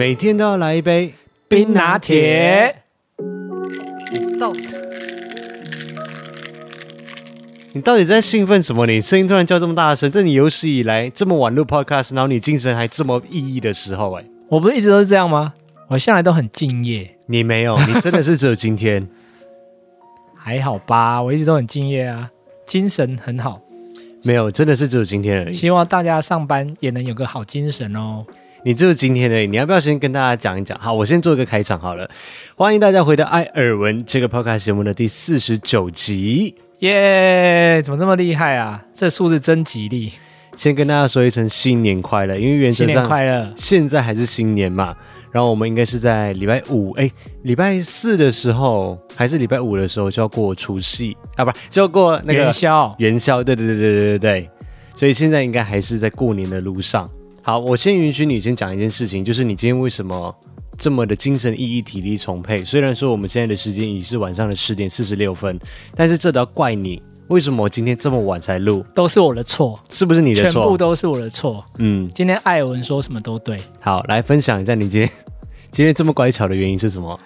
每天都要來一杯冰拿鐵。你到底在興奮什麼呢？你聲音突然叫這麼大聲，在你有史以來這麼晚錄 podcast，然後你精神還這麼奕奕的時候、欸，哎，我不是一直都是這樣嗎？我向來都很敬業。你沒有，你真的是只有今天。 還好吧，我一直都很敬業啊，精神很好。沒有，真的是只有今天而已。希望大家上班也能有個好精神哦。你就是今天的，你要不要先跟大家講一講？好，我先做一個開場好了。歡迎大家回到艾爾文這個 podcast 節目的第四十九集，耶！Yeah, 怎麼這麼厲害啊？這數、個、字真吉利。先跟大家說一聲新年快樂，因為原則上，新年快樂。現在還是新年嘛，年然後我們應該是在禮拜五，哎、欸，禮拜四的時候還是禮拜五的時候就要過除夕啊，不，不是就要過那個元宵？元宵，對對對對對對對。所以現在應該還是在過年的路上。好，我先允許你先講一件事情，就是你今天為什麼這麼的精神奕奕、體力充沛？雖然說我們現在的時間已是晚上的十點四十六分，但是這都要怪你。為什麼我今天這麼晚才錄？都是我的錯，是不是你的錯？全部都是我的錯。嗯，今天艾爾文說什麼都對。好，來分享一下你今天，今天這麼乖巧的原因是什麼？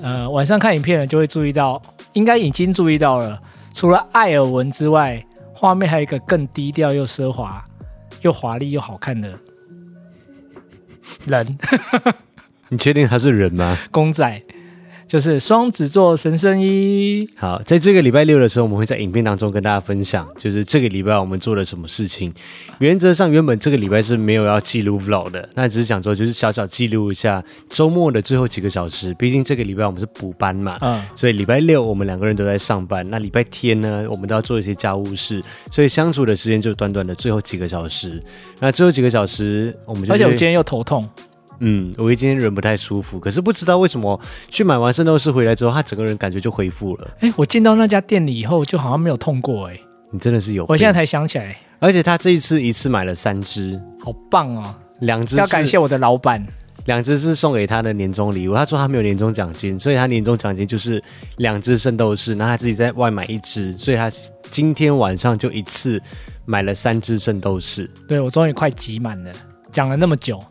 呃，晚上看影片了就會注意到，應該已經注意到了，除了艾爾文之外，畫面還有一個更低調又奢華、又華麗又好看的人， 你確定他是人嗎？公仔。就是雙子座神聖衣。好，在這個禮拜六的時候，我們會在影片當中跟大家分享，就是這個禮拜我們做了什麼事情。原則上，原本這個禮拜是沒有要記錄 vlog 的，那只是想說，就是小小記錄一下週末的最後幾個小時。畢竟這個禮拜我們是補班嘛，嗯。所以禮拜六我們兩個人都在上班，那禮拜天呢，我們都要做一些家務事，所以相處的時間就短短的最後幾個小時。那最後幾個小時，我們就，而且我今天又頭痛。嗯，我已經今天人不太舒服，可是不知道為什麼去買完聖鬥士回來之後，他整個人感覺就恢復了。哎、欸，我進到那家店裡以後，就好像沒有痛過哎、欸。你真的是有病，我現在才想起來。而且他這一次一次買了三只，好棒哦、喔！兩隻要感謝我的老板，兩只是送給他的年終禮物。他說他沒有年終獎金，所以他年終獎金就是兩只聖鬥士，然後他自己在外買一隻。所以他今天晚上就一次買了三只聖鬥士。對，我終於快集滿了，講了那麼久。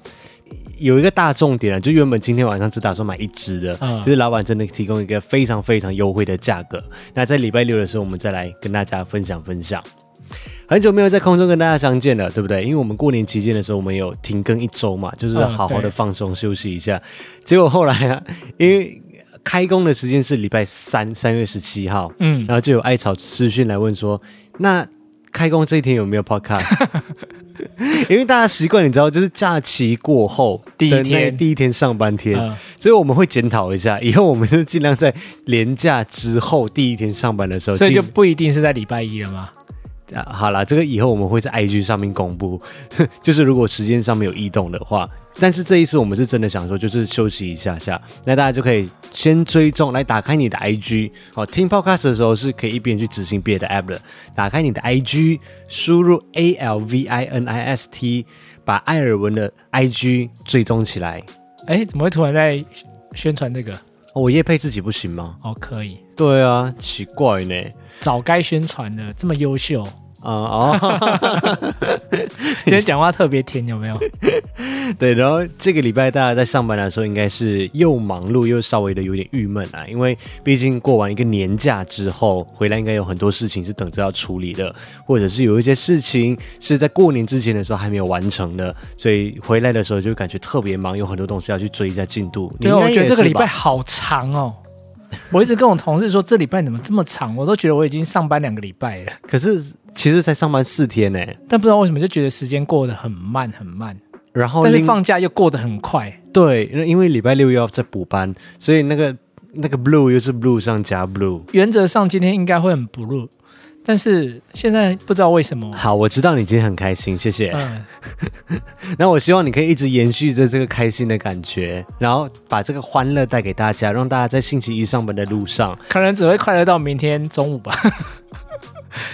有一個大重點啊，就原本今天晚上只打算買一只的，嗯、就是老板真的提供一個非常非常優惠的價格。那在禮拜六的時候，我們再來跟大家分享分享。很久沒有在空中跟大家相見了，對不對？因為我們過年期間的時候，我們有停更一周嘛，就是好好的放鬆休息一下。嗯、結果後來啊，因為開工的時間是禮拜三，三月十七號，嗯，然後就有艾草私訊來問說，那開工這一天有沒有 podcast？ 因為大家習慣，你知道，就是假期過後第一天第一天上班天，所以我們會檢討一下，以後我們就盡量在連假之後第一天上班的時候，所以就不一定是在禮拜一了嗎？啊，好啦，這個以後我們會在 IG 上面公布，就是如果時間上面有異動的話，但是這一次我們是真的想說，就是休息一下下，那大家就可以。先追蹤來打開你的 IG 哦，聽 Podcast 的時候是可以一邊去執行別的 app 的。打開你的 IG，輸入 ALVINIST，把艾爾文的 IG 追蹤起來。哎、欸，怎麼會突然在宣傳這個？哦、我業配自己不行嗎？哦，可以。對啊，奇怪呢，早該宣傳的，這麼優秀。啊哦，uh, oh, 今天講話特別甜，有沒有？ 對，然後這個禮拜大家在上班的時候，應該是又忙碌又稍微的有點鬱悶啊，因為畢竟過完一個年假之後回來，應該有很多事情是等着要處理的，或者是有一些事情是在過年之前的時候還沒有完成的，所以回來的時候就感覺特別忙，有很多東西要去追一下進度。對，我覺得這個禮拜好長哦， 我一直跟我同事說，這禮拜怎麼這麼長？我都覺得我已經上班兩個禮拜了， 可是。其實才上班四天呢、欸，但不知道為什麼就覺得時間過得很慢很慢。然後，但是放假又過得很快。對，因為禮拜六又要再補班，所以那個那個 blue 又是 blue 上加 blue。原則上今天應該會很 blue，但是現在不知道為什麼。好，我知道你今天很開心，謝謝。嗯、 那我希望你可以一直延續着這個開心的感覺，然後把這個歡樂帶給大家，讓大家在星期一上班的路上，可能只會快樂到明天中午吧。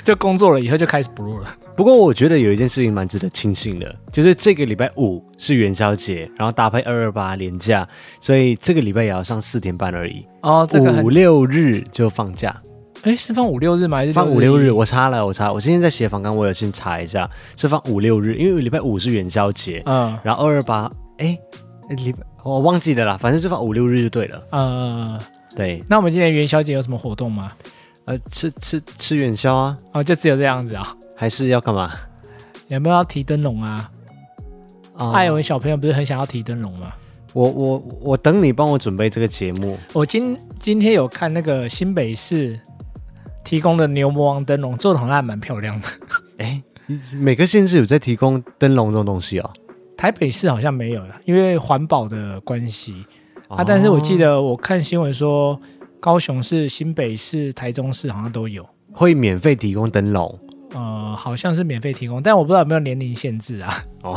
就工作了以後就開始補錄了。不過我覺得有一件事情蠻值得慶幸的，就是這個禮拜五是元宵節，然後搭配二二八連假，所以這個禮拜也要上四天班而已。哦，這個五六日就放假。哎，是放五六日嗎？還是放五六日。我查了，我查，我今天在寫訪綱，剛剛我有先查一下，是放五六日，因為禮拜五是元宵節。嗯。然後二二八，哎，禮拜我忘記了啦，反正就放五六日就對了。嗯，對。那我們今天元宵節有什麼活動嗎？呃，吃吃吃元宵啊！哦，就只有這樣子啊、哦？還是要幹嘛？有沒有要提燈籠啊？艾文、啊啊哎、小朋友不是很想要提燈籠嗎？我我我等你幫我準備這個節目。我今今天有看那個新北市提供的牛魔王燈籠，做的好像還蠻漂亮的。哎、 欸，每個縣市有在提供燈籠這種東西哦？台北市好像沒有了，因為環保的關係啊。但是我記得我看新聞說，哦高雄市、新北市、台中市好像都有，會免費提供燈籠。呃，好像是免費提供，但我不知道有沒有年齡限制啊。哦，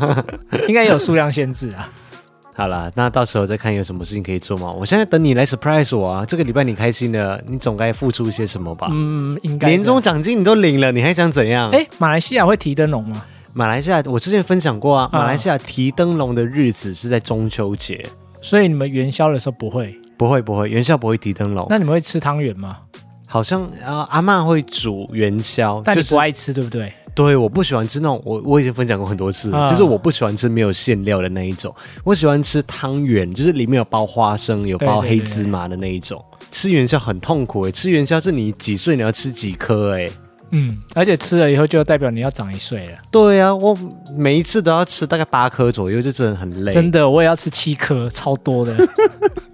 應該有數量限制啊。 好了，那到時候再看有什麼事情可以做嗎？我現在等你來 surprise 我啊。這個禮拜你開心了，你總該付出一些什麼吧？嗯，應該。年終獎金你都領了，你還想怎樣？哎、欸，馬來西亞會提燈籠嗎？馬來西亞，我之前分享過啊。馬來西亞提燈籠的日子是在中秋節、嗯，所以你們元宵的時候不會。不會不會，元宵不會提燈籠。那你們會吃湯圓嗎？好像呃，阿媽會煮元宵，但是不愛吃，對不對？對，我不喜歡吃那種。我我已經分享過很多次了，嗯、就是我不喜歡吃沒有餡料的那一種。我喜歡吃湯圓，就是裡面有包花生、有包黑芝麻的那一種。對對對對，吃元宵很痛苦哎、欸，吃元宵是你幾歲你要吃幾顆哎、欸。嗯，而且吃了以後就代表你要長一歲了。對啊，我每一次都要吃大概八顆左右，就真的很累。真的，我也要吃七顆，超多的。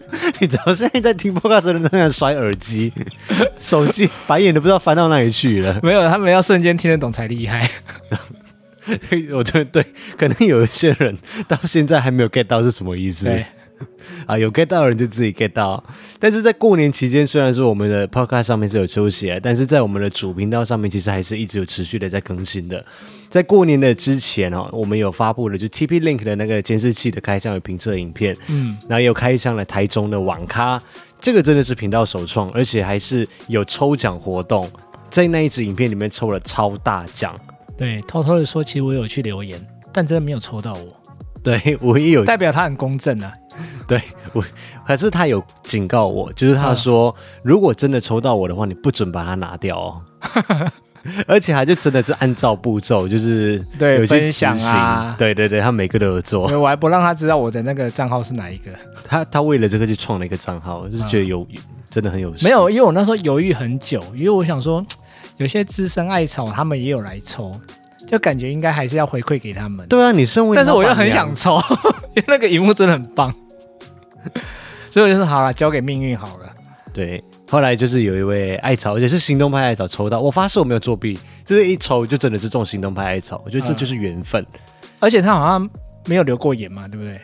你知道現在在聽播客，真的在甩耳機、手機，白眼都不知道翻到哪裡去了。 沒有，他們要瞬間聽得懂才厲害。 我覺得對，可能有一些人到現在還沒有 get 到是什麼意思。啊， 有 get 到的人就自己 get 到。但是在過年期間，雖然說我們的 podcast 上面是有休息，但是在我們的主頻道上面，其實還是一直有持續的在更新的。在過年的之前哦，我們有發布了就 TP Link 的那個監視器的開箱與評測影片，嗯，然後也有開箱了台中的網咖，嗯、這個真的是頻道首創，而且還是有抽獎活動，在那一支影片裡面抽了超大獎。對，偷偷的說，其實我有去留言，但真的沒有抽到我。對我也有，代表他很公正啊。 對我，可是他有警告我，就是他說，嗯、如果真的抽到我的話，你不准把它拿掉哦。 而且他就真的是按照步驟，就是對，有去、啊，執行。對對對，他每個都有做。我還不讓他知道我的那個賬號是哪一個。他他為了這個就創了一個賬號，就是覺得有、嗯、真的很有。沒有，因為我那時候猶豫很久，因為我想說，有些資深艾草他們也有來抽，就感覺應該還是要回饋給他們。對啊，你身為什麼，但是我又很想抽，因為 那個熒幕真的很棒。所以我就是好了，交給命運好了。對，後來就是有一位艾草，而且是行動派艾草抽到，我發誓我沒有作弊，就是一抽就真的是中行動派艾草，我覺得這就是緣分。而且他好像沒有留過言嘛，對不對？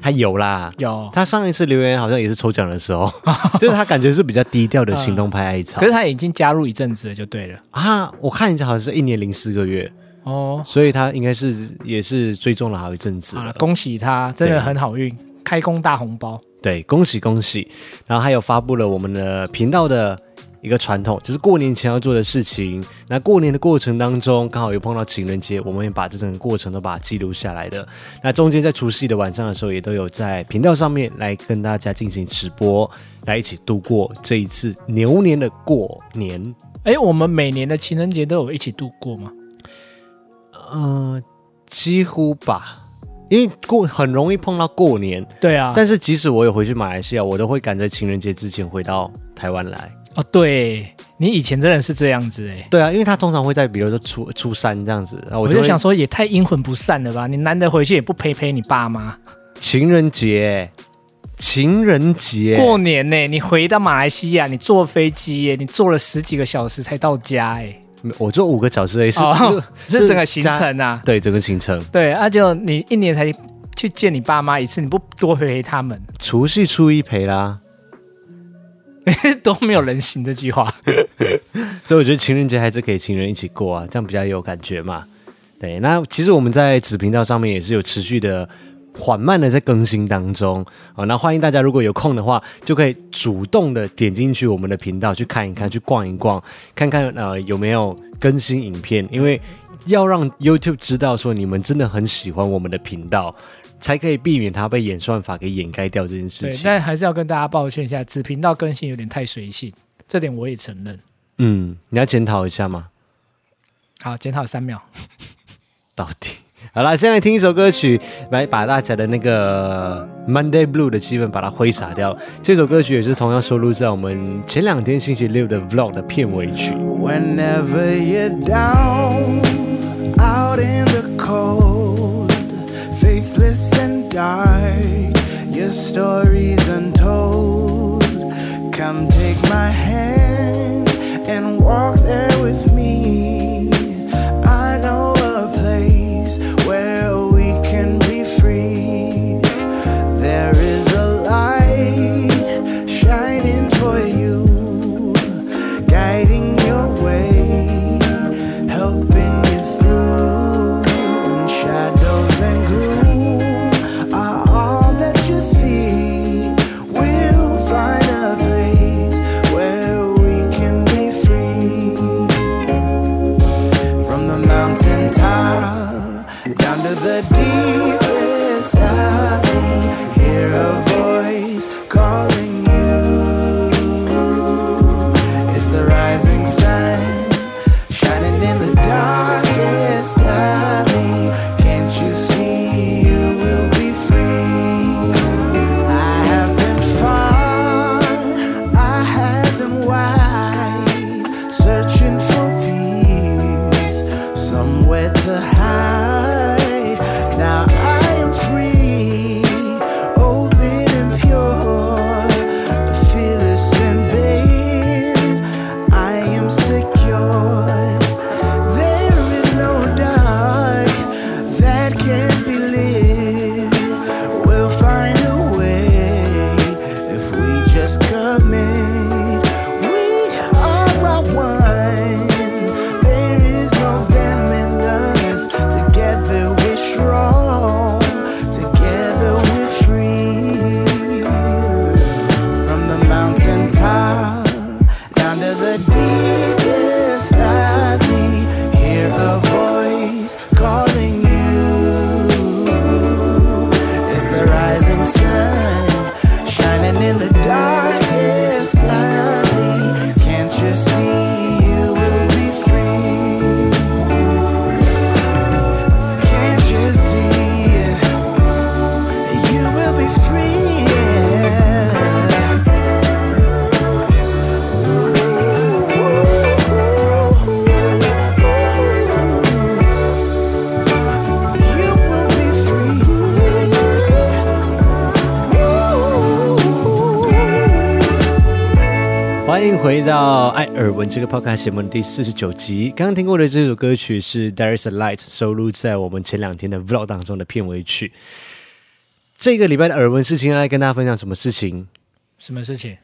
他有啦，有。他上一次留言好像也是抽獎的時候， 就是他感覺是比較低調的行動派艾草。嗯。可是他已經加入一陣子了，就對了啊！我看一下，好像是一年零四個月哦，所以他應該是也是追蹤了好一陣子啊！恭喜他，真的很好運，對開工大紅包。對，恭喜恭喜！然後還有發布了我們的頻道的一個傳統，就是過年前要做的事情。那過年的過程當中，剛好有碰到情人節，我們也把這整個過程都把它記錄下來的。那中間在除夕的晚上的時候，也都有在頻道上面來跟大家進行直播，來一起度過這一次牛年的過年。哎，我們每年的情人節都有一起度過嗎？嗯、呃，幾乎吧。因為過很容易碰到過年，對啊。但是即使我有回去馬來西亞，我都會趕在情人節之前回到台灣來。哦，對，你以前真的是這樣子哎。對啊，因為他通常會在，比如說初初三這樣子。我就想說，也太陰魂不散了吧！你難得回去，也不陪陪你爸媽。情人節，情人節，過年呢？你回到馬來西亞，你坐飛機耶，你坐了十幾個小時才到家哎。我坐五個小時誒，是、哦、是整個行程啊？對，整個行程。對，那、啊、就你一年才去見你爸媽一次，你不多陪陪他們？除夕初一陪啦，都、欸、沒有人信這句話。 所以我覺得情人節還是可以情人一起過啊，這樣比較有感覺嘛。對，那其實我們在子頻道上面也是有持續的。緩慢的在更新當中。好，那歡迎大家，如果有空的話，就可以主動的點進去我們的頻道去看一看，去逛一逛，看看呃，有沒有更新影片。因為要讓 YouTube 知道說你們真的很喜歡我們的頻道，才可以避免它被演算法給掩蓋掉這件事情。對，但還是要跟大家抱歉一下，子頻道更新有點太隨性，這點我也承認。嗯，你要檢討一下嗎？好，檢討三秒。到底。好了，先來聽一首歌曲，來把大家的那個 Monday Blue 的氣氛把它揮灑掉。這首歌曲也是同樣收錄在我們前兩天星期六的 Vlog 的片尾曲。Whenever you're down, out in the cold, faithless and die, your story's untold. Come take my hand and walk 歡迎回到艾爾文這個 podcast 第四十九集。剛剛聽過的這首歌曲是《Darius Light》，收錄在我們前兩天的 vlog 當中的片尾曲。這個禮拜的耳聞事情要來跟大家分享什麼事情？什麼事情？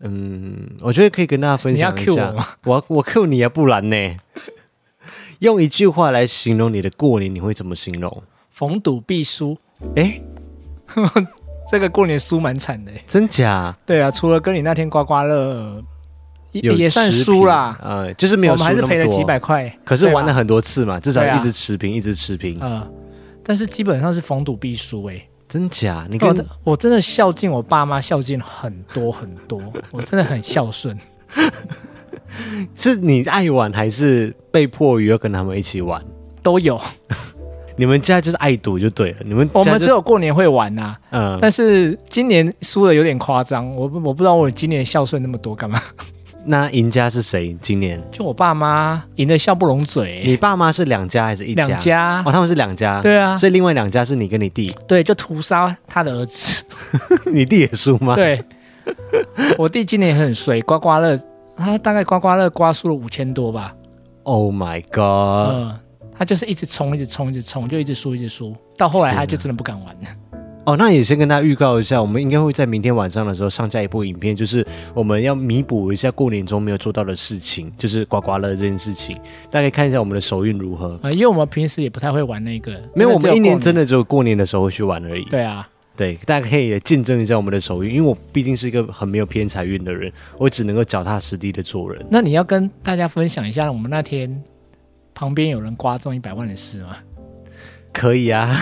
嗯，我覺得可以跟大家分享一下。我我 Q 你也不然呢？用一句話來形容你的過年，你會怎麼形容？逢賭必輸。這個過年輸蠻慘的，真假？對啊，除了跟你那天刮刮樂，也也算輸啦。呃，就是沒有，我們還是賠了幾百塊。可是玩了很多次嘛，至少一直持平，一直持平。但是基本上是逢賭必輸，哎，真假？你跟我真的孝敬我爸媽，孝敬很多很多，我真的很孝順。是你愛玩還是被迫於要跟他們一起玩？都有。你們家就是愛賭就對了。你們家就我們只有過年會玩吶、啊，嗯，但是今年輸的有點誇張。我我不知道我今年孝順那麼多幹嘛？那贏家是誰，今年？就我爸媽贏得笑不攏嘴。你爸媽是兩家還是一家兩家？哦，他們是兩家。對啊，所以另外兩家是你跟你弟。對，就屠殺他的兒子。 你弟也輸嗎？對。 我弟今年很衰，刮刮樂，他大概刮刮樂刮輸了五千多吧。Oh my god！、嗯他就是一直衝，一直衝，一直衝，就一直輸，一直輸，到後來他就真的不敢玩了。哦，那也先跟大家預告一下，我們應該會在明天晚上的時候上架一部影片，就是我們要彌補一下過年中沒有做到的事情，就是刮刮樂這件事情。大家可以看一下我們的手運如何啊？因為我們平時也不太會玩那個。沒有，我們一年真的只有過年的時候會去玩而已。對啊，對，大家可以也見證一下我們的手運，因為我畢竟是一個很沒有偏財運的人，我只能夠腳踏實地的做人。那你要跟大家分享一下我們那天。旁邊有人刮中一百萬的事嗎？可以啊，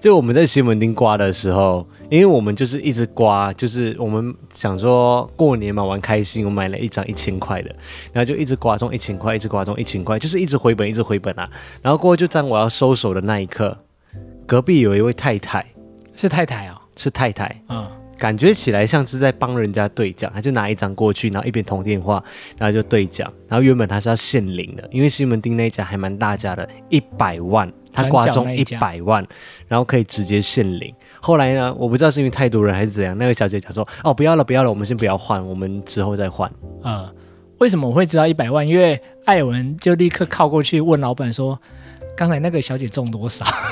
就我們在西門町刮的時候，因為我們就是一直刮，就是我們想說過年嘛，玩開心，我買了一張一千塊的，然後就一直刮中一千塊，一直刮中一千塊，就是一直回本，一直回本啊。然後過後就當我要收手的那一刻，隔壁有一位太太，是太太哦，是太太，嗯。感覺起來像是在幫人家兌獎，他就拿一張過去，然後一邊通電話，然後就兌獎。然後原本他是要現領的，因為西門町那一家還蠻大家的，一百萬，他刮中一百萬，然後可以直接現領。後來呢，我不知道是因為太多人還是怎樣，那個小姐講說：“哦，不要了，不要了，我們先不要換，我們之後再換。”啊、呃，為什麼我會知道一百萬？因為艾文就立刻靠過去問老闆說：“剛才那個小姐中多少？”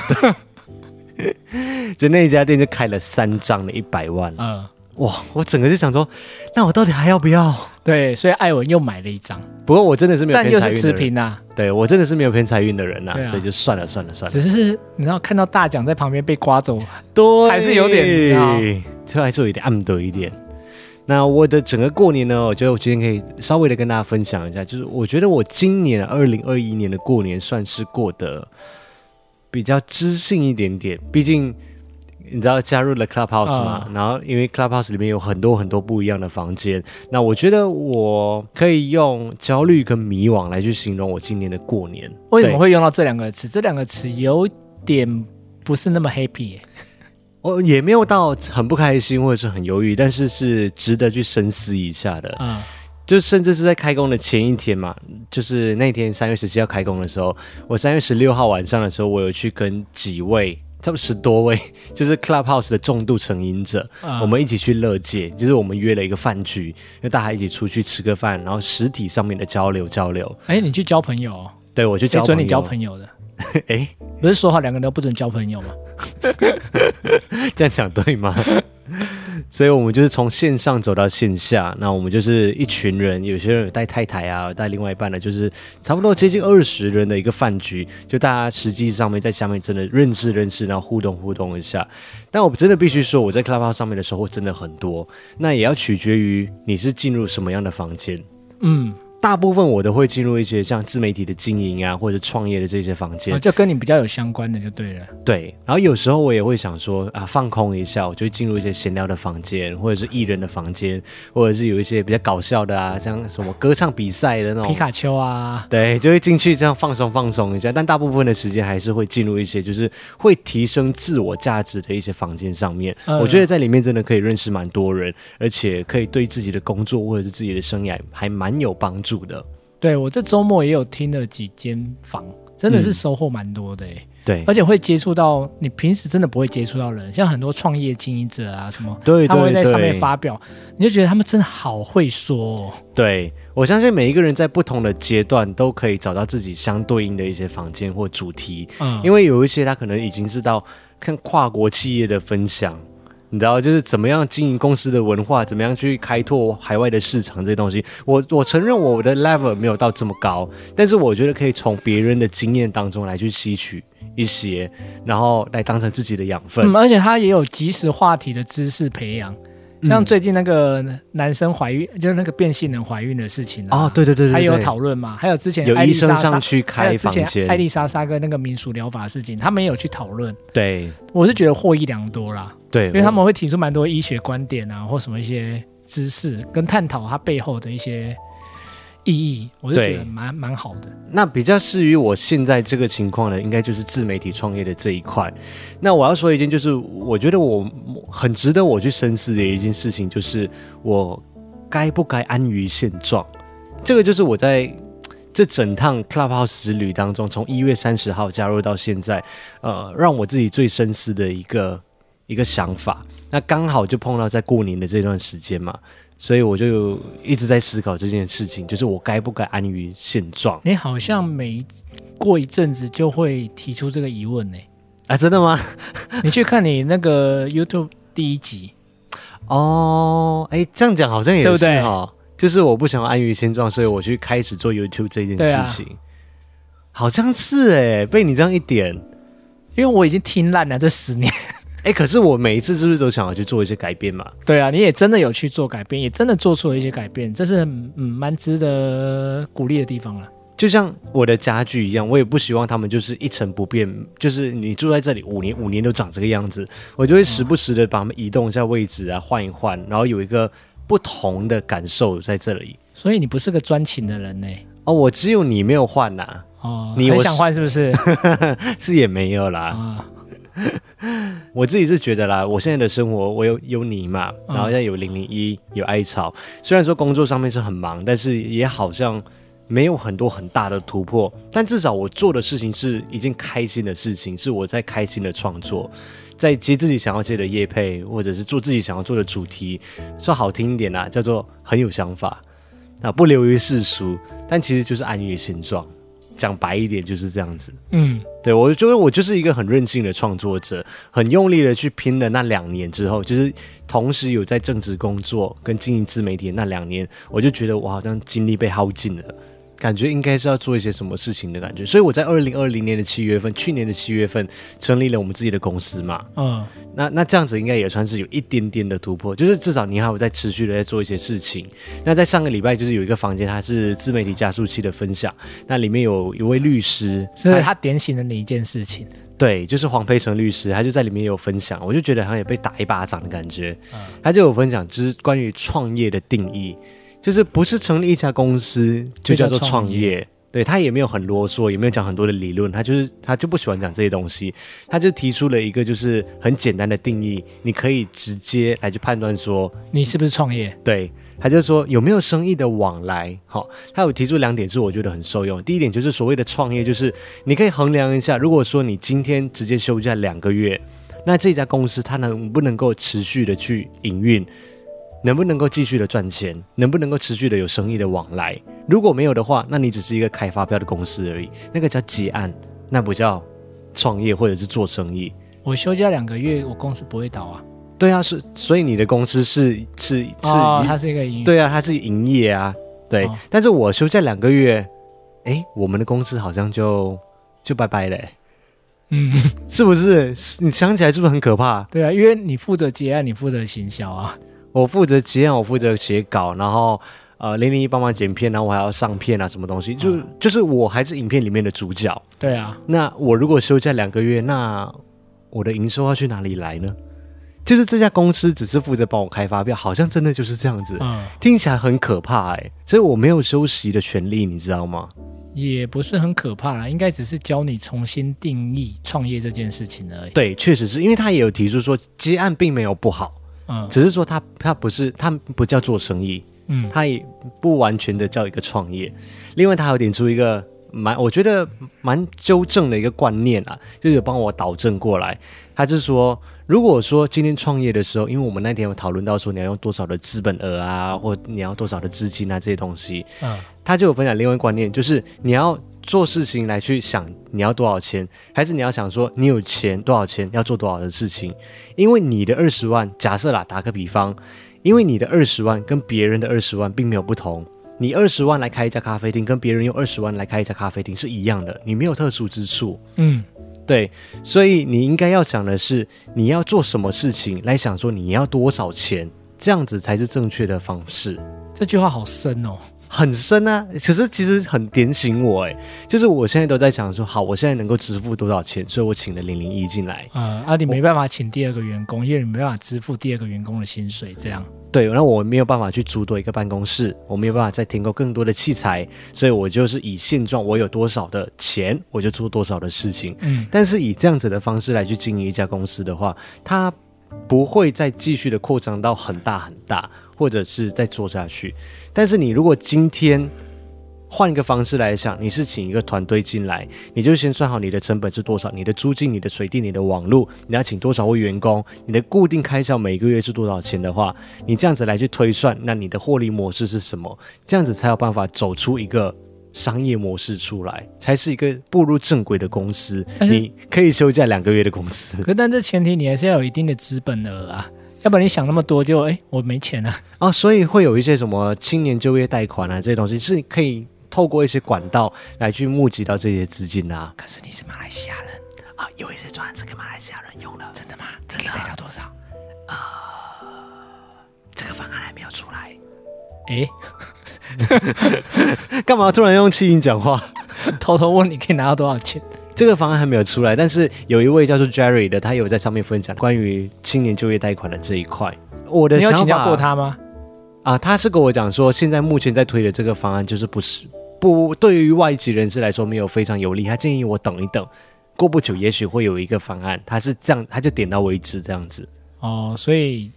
就那一家店就開了三張的一百萬，嗯、呃，哇，我整個就想說，那我到底還要不要？對，所以艾文又買了一張，不過我真的是沒有偏，但又是持平吶、啊，對我真的是沒有偏財運的人吶、啊，啊、所以就算了算了算了。只是你知道看到大獎在旁邊被刮走，對，還是有點，就還是有點暗德一點。那我的整個過年呢，我覺得我今天可以稍微的跟大家分享一下，就是我覺得我今年二零二一年的過年算是過得。比較知性一點點，畢竟你知道加入了 Clubhouse 嘛。嗯、然後因為 Clubhouse 裡面有很多很多不一樣的房間，那我覺得我可以用焦慮跟迷惘來去形容我今年的過年。為什麼會用到這兩個詞？這兩個詞有點不是那麼 happy，我、欸、 也沒有到很不開心或者是很憂鬱，但是是值得去深思一下的。嗯。就甚至是在開工的前一天嘛，就是那天三月十七號開工的時候，我三月十六號晚上的時候，我有去跟幾位，差不多十多位，就是 Clubhouse 的重度成癮者，呃、我們一起去樂界，就是我們約了一個飯局，因為大家一起出去吃個飯，然後實體上面的交流交流。哎，你去交朋友？哦，對，我去交朋友。誰准你交朋友的。哎誒，不是說好兩個人都不准交朋友嗎？ 這樣講對嗎？ 所以，我們就是從線上走到線下。那我們就是一群人，有些人有帶太太啊，帶另外一半的，就是差不多接近二十人的一個飯局。就大家實際上面在下面真的認識認識，然後互動互動一下。但我真的必須說，我在 Clubhouse 上面的收穫真的很多。那也要取決於你是進入什麼樣的房間。嗯。大部分我都會進入一些像自媒體的經營啊，或者創業的這些房間。哦，就跟你比較有相關的就對了。對，然後有時候我也會想說啊，放空一下，我就會進入一些閒聊的房間，或者是藝人的房間，或者是有一些比較搞笑的啊，像什麼歌唱比賽的那種。皮卡丘啊。對，就會進去這樣放鬆放鬆一下。但大部分的時間還是會進入一些就是會提升自我價值的一些房間上面。呃，我覺得在裡面真的可以認識蠻多人，而且可以對自己的工作或者是自己的生涯還蠻有幫助。主的，對我這周末也有聽了幾間房，真的是收穫蠻多的耶、嗯、對，而且會接觸到你平時真的不會接觸到人，像很多創業經營者啊什麼，對，他們會在上面發表，你就覺得他們真的好會說，哦。對我相信每一個人在不同的階段都可以找到自己相對應的一些房間或主題，嗯，因為有一些他可能已經知道看跨國企業的分享。你知道，就是怎麼樣經營公司的文化，怎麼樣去開拓海外的市場這些東西。我我承認我的 level 沒有到這麼高，但是我覺得可以從別人的經驗當中來去吸取一些，然後來當成自己的養分。嗯，而且他也有及時話題的知識培養。像最近那個男生懷孕，就是那個變性人懷孕的事情啊，哦、對，對對對對，還有討論嘛？還有之前艾莉莎莎有醫生上去開房間，艾莉莎莎跟那個民俗療法事情，他們也有去討論。對，我是覺得獲益良多啦。對，因為他們會提出蠻多醫學觀點啊，或什麼一些知識跟探討它背後的一些。意義，我是覺得蠻蠻對好的。那比較適於我現在這個情況的，應該就是自媒體創業的這一塊。那我要說一件，就是我覺得我很值得我去深思的一件事情，就是我該不該安於現狀？這個就是我在這整趟 Clubhouse 之旅當中，從一月三十號加入到現在，呃，讓我自己最深思的一個一個想法。那剛好就碰到在過年的這段時間嘛，所以我就一直在思考這件事情，就是我該不該安於現狀？你好像每過一陣子就會提出這個疑問呢、欸？啊，真的嗎？ 你去看你那個 YouTube 第一集哦，哎、欸，這樣講好像也是、哦、對哈，就是我不想安於現狀，所以我去開始做 YouTube 這件事情，啊、好像是哎、欸，被你這樣一點，因為我已經聽爛了這十年。哎、欸，可是我每一次是不是都想要去做一些改變嘛？對啊，你也真的有去做改變，也真的做出了一些改變，這是嗯蠻值得鼓勵的地方了。就像我的家具一樣，我也不希望他們就是一成不變，就是你住在這裡五年、嗯、五年都長這個樣子，我就會時不時的把它們移動一下位置啊，換、嗯哦、一換，然後有一個不同的感受在這裡。所以你不是個專情的人呢？哦，我只有你沒有換吶、啊。哦，你想換是不是？你我 是也沒有啦。嗯 我自己是覺得啦，我現在的生活，我有有你嘛，然後要有零零一，有艾草。雖然說工作上面是很忙，但是也好像沒有很多很大的突破。但至少我做的事情是一件開心的事情，是我在開心的創作，在接自己想要接的業配，或者是做自己想要做的主題。說好聽一點啦，啊，叫做很有想法，啊，不流於世俗，但其實就是安於現狀。講白一點就是這樣子，嗯，對，我就我就是一個很任性的創作者。很用力的去拼的那兩年之後，就是同時有在正職工作跟經營自媒體那兩年，我就覺得我好像精力被耗盡了。感覺應該是要做一些什麼事情的感覺，所以我在二零二零年的七月份，去年的七月份成立了我們自己的公司嘛。嗯，那那這樣子應該也算是有一點點的突破，就是至少你還有在持續的在做一些事情。那在上個禮拜就是有一個房間，它是自媒體加速器的分享，那裡面有一位律師，嗯，是，是他點醒了你一件事情？對，就是黃培成律師，他就在裡面有分享，我就覺得好像也被打一巴掌的感覺。嗯，他就有分享，就是關於創業的定義。就是不是成立一家公司，就叫做創業，對，他也沒有很囉嗦，也沒有講很多的理論，他就是，他就不喜歡講這些東西，他就提出了一個就是很簡單的定義，你可以直接來去判斷說，你是不是創業。對，他就說，有沒有生意的往來，好、哦，他有提出兩點是我覺得很受用，第一點就是所謂的創業，就是你可以衡量一下，如果說你今天直接休假兩個月，那這一家公司它能不能夠持續的去營運？能不能夠繼續的賺錢？能不能夠持續的有生意的往來？如果沒有的話，那你只是一個開發票的公司而已，那個叫接案，那不叫創業或者是做生意。我休假兩個月，嗯、我公司不會倒啊。對啊，是所以你的公司是是是，哦，它是一個營業，對啊，它是營業啊，對。哦、但是我休假兩個月，哎，我們的公司好像就就拜拜嘞。嗯，是不是？你想起來是不是很可怕？對啊，因為你負責接案，你負責行銷啊。我負責接案，我負責寫稿，然後呃，零零一幫忙剪片，然後我還要上片啊，什麼東西？就是、嗯、就是，我還是影片裡面的主角。對啊，那我如果休假兩個月，那我的營收要去哪裡來呢？就是這家公司只是負責幫我開發票，好像真的就是這樣子。嗯，聽起來很可怕哎、欸，所以我沒有休息的權利，你知道嗎？也不是很可怕啦，應該只是教你重新定義創業這件事情而已。對，確實是，因為他也有提出說接案並沒有不好。只是說他他不是，他不叫做生意，嗯，他也不完全的叫一個創業。另外，他還有點出一個蠻我覺得蠻糾正的一個觀念啊，就是幫我導正過來。他就是說，如果說今天創業的時候，因為我們那天有討論到說你要用多少的資本額啊，或你要多少的資金啊這些東西，嗯，他就有分享另外一個觀念，就是你要。做事情來去想你要多少錢，還是你要想說你有錢多少錢要做多少的事情？因為你的二十萬，假設啦，打個比方，因為你的二十萬跟別人的二十萬並沒有不同，你二十萬來開一家咖啡廳，跟別人用二十萬來開一家咖啡廳是一樣的，你沒有特殊之處。嗯，對，所以你應該要講的是你要做什麼事情來想說你要多少錢，這樣子才是正確的方式。這句話好深哦。很深啊，其實其實很點醒我哎，就是我現在都在想說，好，我現在能夠支付多少錢，所以我請了零零一進來啊、呃。啊，你沒辦法請第二個員工，我因為你沒辦法支付第二個員工的薪水，這樣。對，那我沒有辦法去租多一個辦公室，我沒有辦法再提供更多的器材，所以我就是以現狀，我有多少的錢，我就做多少的事情。嗯，但是以這樣子的方式來去經營一家公司的話，它不會再繼續的擴張到很大很大。或者是再做下去。但是你如果今天換一個方式來想，你是請一個團隊進來，你就先算好你的成本是多少，你的租金、你的水電、你的網絡，你要請多少位員工，你的固定開銷每個月是多少錢的話，你這樣子來去推算，那你的獲利模式是什麼？這樣子才有辦法走出一個商業模式出來，才是一個步入正規的公司。是你可以休假兩個月的公司，可是但這前提你還是要有一定的資本額啊。要不然你想那麼多就哎、欸，我沒錢了啊！啊、哦，所以會有一些什麼青年就業貸款啊，這些東西是可以透過一些管道來去募集到這些資金啊。可是你是馬來西亞人啊、哦，有一些專案是給馬來西亞人用的，真的嗎？真的可以貸到多少？呃，這個方案還沒有出來。哎、欸， 幹嘛突然用氣音講話？偷 偷問你可以拿到多少錢？這個方案還沒有出來，但是有一位叫做 Jerry 的，他有在上面分享關於青年就業貸款的這一塊。我的想法、啊、過他嗎？啊，他是跟我講說，現在目前在推的這個方案就是不是不對於外籍人士來說沒有非常有利，他建議我等一等，過不久也許會有一個方案。他是這樣，他就點到為止這樣子。哦，所以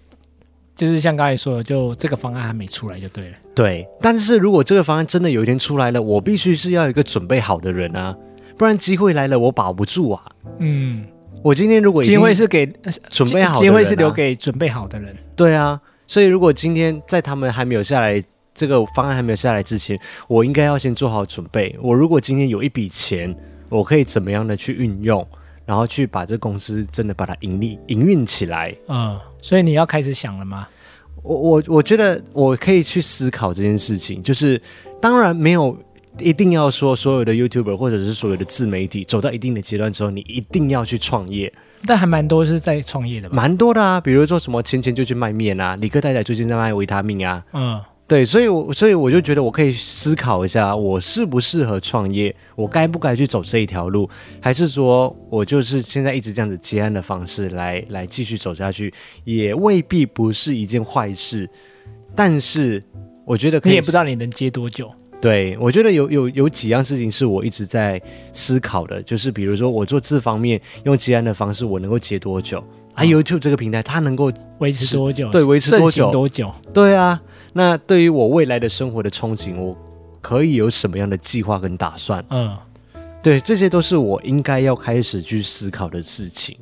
就是像剛才說的，就這個方案還沒出來就對了。對，但是如果這個方案真的有一天出來了，我必須是要有一個準備好的人啊。不然機會來了，我保不住啊！嗯，我今天如果、啊、機會是給準備好，機會是留給準備好的人。對啊，所以如果今天在他們還沒有下來，這個方案還沒有下來之前，我應該要先做好準備。我如果今天有一筆錢，我可以怎麼樣的去運用，然後去把這公司真的把它盈利營運起來。嗯，所以你要開始想了嗎？我我我覺得我可以去思考這件事情，就是當然沒有。一定要說所有的 YouTuber 或者是所有的自媒體走到一定的階段之後，你一定要去創業。但還蠻多是在創業的，蠻多的啊。比如說什麼千千就去賣麵啊，理科太太最近在賣維他命啊。嗯，對，所以，我所以我就覺得我可以思考一下，我適不適合創業，我該不該去走這一條路，還是說我就是現在一直這樣子接案的方式來來繼續走下去，也未必不是一件壞事。但是我覺得，可以，也不知道你能接多久。對，我覺得有有有幾樣事情是我一直在思考的，就是比如說我做這方面用接案的方式，我能夠接多久？還有 YouTube 這個平台它能夠持維持多久？對，維持多久？多久？對啊，那對於我未來的生活的憧憬，我可以有什麼樣的計劃跟打算？嗯，對，這些都是我應該要開始去思考的事情。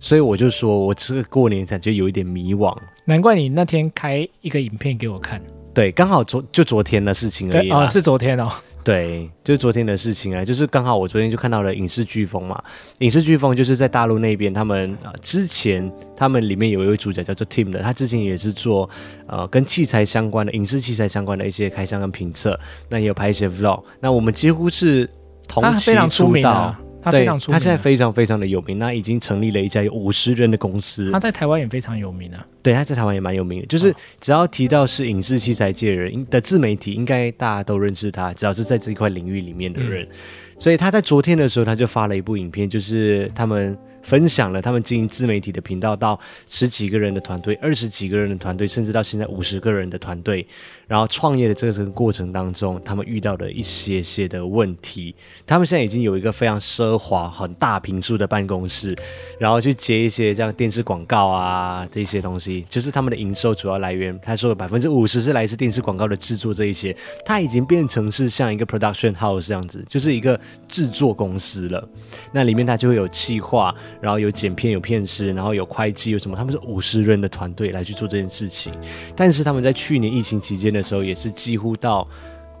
所以我就說我這個過年感覺有一點迷惘。難怪你那天開一個影片給我看。對，剛好昨就昨天的事情而已啊。哦，是昨天哦。對，就是昨天的事情啊，就是剛好我昨天就看到了影視颶風嘛，影視颶風就是在大陸那邊，他們呃之前他們裡面有一位主角叫做 Tim 的，他之前也是做呃跟器材相關的影視器材相關的一些開箱跟評測，那也有拍一些 vlog，那我們幾乎是同期出道。啊。對他，非常出名，他現在非常非常的有名，那已經成立了一家有五十人的公司。他在台灣也非常有名啊。對，他在台灣也蠻有名的，就是只要提到是影視器材界的人，哦、的自媒體，應該大家都認識他。只要是在這一塊領域裡面的人，嗯、所以他在昨天的時候，他就發了一部影片，就是他們分享了他們經營自媒體的頻道，到十幾個人的團隊，二十幾個人的團隊，甚至到現在五十個人的團隊。然後創業的這個過程當中，他們遇到了一些些的問題。他們現在已經有一個非常奢華、很大坪數的辦公室，然後去接一些像電視廣告啊，這些東西，就是他們的營收主要來源。他說的百分之五十是來自電視廣告的製作這一些，他已經變成是像一個 production house 這樣子，就是一個製作公司了。那裡面他就會有企劃，然後有剪片、有片師，然後有會計，有什麼？他們是五十人的團隊來去做這件事情。但是他們在去年疫情期間。的時候也是幾乎到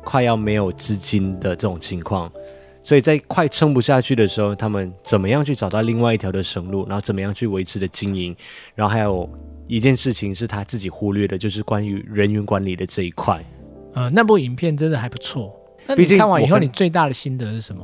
快要沒有資金的這種情況，所以在快撐不下去的時候，他們怎麼樣去找到另外一條的生路，然後怎麼樣去維持的經營，然後還有一件事情是他自己忽略的，就是關於人員管理的這一塊。呃，那部影片真的還不錯。那畢竟，看完以後，你最大的心得是什麼？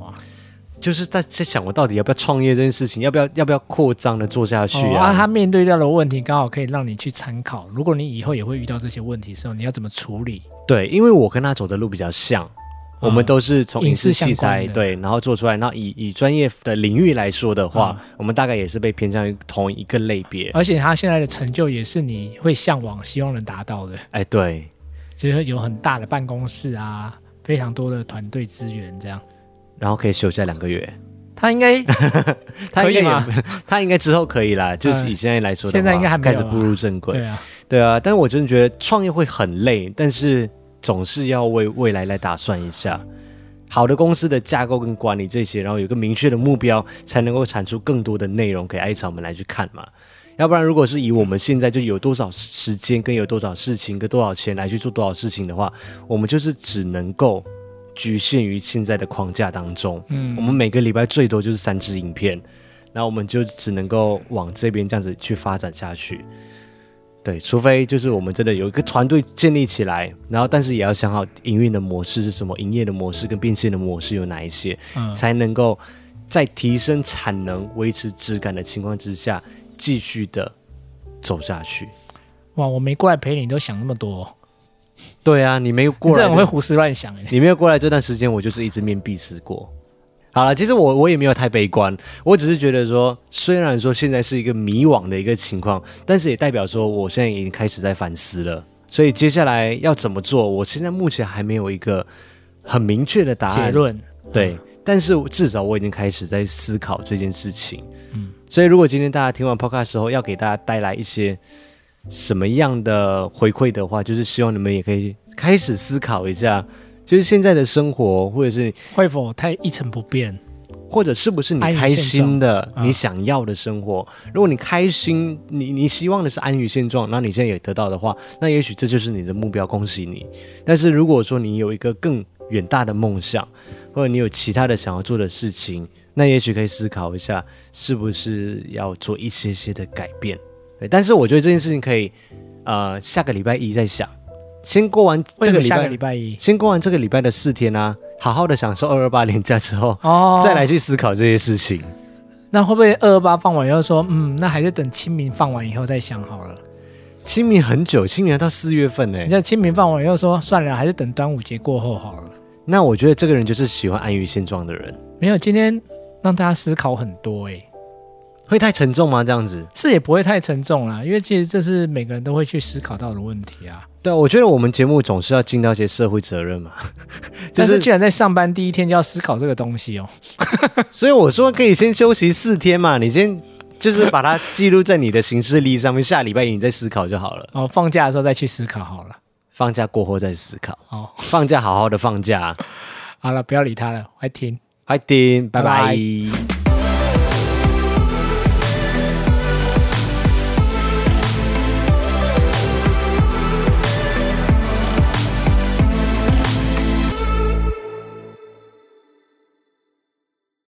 就是在在想我到底要不要創業這件事情，要不要要不要擴張的做下去啊？哦、啊？他面對到的問題剛好可以讓你去參考。如果你以後也會遇到這些問題的時候，你要怎麼處理？對，因為我跟他走的路比較像，我們都是從影視器材、嗯、影視相關的對，然後做出來，那以以專業的領域來說的話，嗯、我們大概也是被偏向於同一個類別。而且他現在的成就也是你會向往、希望能達到的。哎，對，就是有很大的辦公室啊，非常多的團隊資源這樣。然後可以休假兩個月，他應該， 他應該，他應該之後可以啦。嗯、就是以現在來說的話，現在應該還沒有開始步入正軌。對啊，對啊，但是我真的覺得創業會很累，但是總是要為未來來打算一下，好的公司的架構跟管理這些，然後有個明確的目標，才能夠產出更多的內容給艾草們來去看嘛。要不然，如果是以我們現在就有多少時間跟有多少事情跟多少錢來去做多少事情的話，我們就是只能夠。侷限於現在的框架當中，嗯，我們每個禮拜最多就是三支影片，那我們就只能夠往這邊這樣子去發展下去。對，除非就是我們真的有一個團隊建立起來，然後但是也要想好營運的模式是什麼，營業的模式跟變現的模式有哪一些，嗯，才能夠在提升產能、維持質感的情況之下繼續的走下去。哇，我沒怪陪你，都想那麼多。對啊，你沒有過來，這樣我會胡思亂想哎。你沒有過來這段時間，我就是一直面壁思過。好了，其實我我也沒有太悲觀，我只是覺得說，雖然說現在是一個迷惘的一個情況，但是也代表說我現在已經開始在反思了。所以接下來要怎麼做，我現在目前還沒有一個很明確的答案，結論對，嗯、但是至少我已經開始在思考這件事情。嗯，所以如果今天大家聽完 podcast 的時候，要給大家帶來一些。什麼樣的回饋的話，就是希望你們也可以開始思考一下，就是現在的生活或者是你會否太一成不變，或者是不是你開心的、你想要的生活。哦、如果你開心，你你希望的是安於現狀，那你現在也得到的話，那也許這就是你的目標，恭喜你。但是如果說你有一個更遠大的夢想，或者你有其他的想要做的事情，那也許可以思考一下，是不是要做一些些的改變。但是我覺得這件事情可以，呃，下個禮拜一再想，先過完這個禮拜，禮拜一，先過完這個禮拜的四天啊，好好的享受二二八連假之後，哦、再來去思考這些事情。那會不會二二八放完又說，嗯，那還是等清明放完以後再想好了？清明很久，清明要到四月份呢、欸。那清明放完又說，算了，還是等端午節過後好了。那我覺得這個人就是喜歡安於現狀的人。沒有，今天讓大家思考很多哎、欸。會太沉重嗎？這樣子是也不會太沉重啦，因為其實這是每個人都會去思考到的問題啊。對，我覺得我們節目總是要盡到一些社會責任嘛。 就是、但是居然在上班第一天就要思考這個東西哦、喔。 所以我說可以先休息四天嘛， 你先就是把它記錄在你的行事曆上面， 下禮拜一你再思考就好了。哦，放假的時候再去思考好了。放假過後再思考。哦，放假好好的放假。 好了，不要理他了。快聽，快聽，拜拜。拜拜。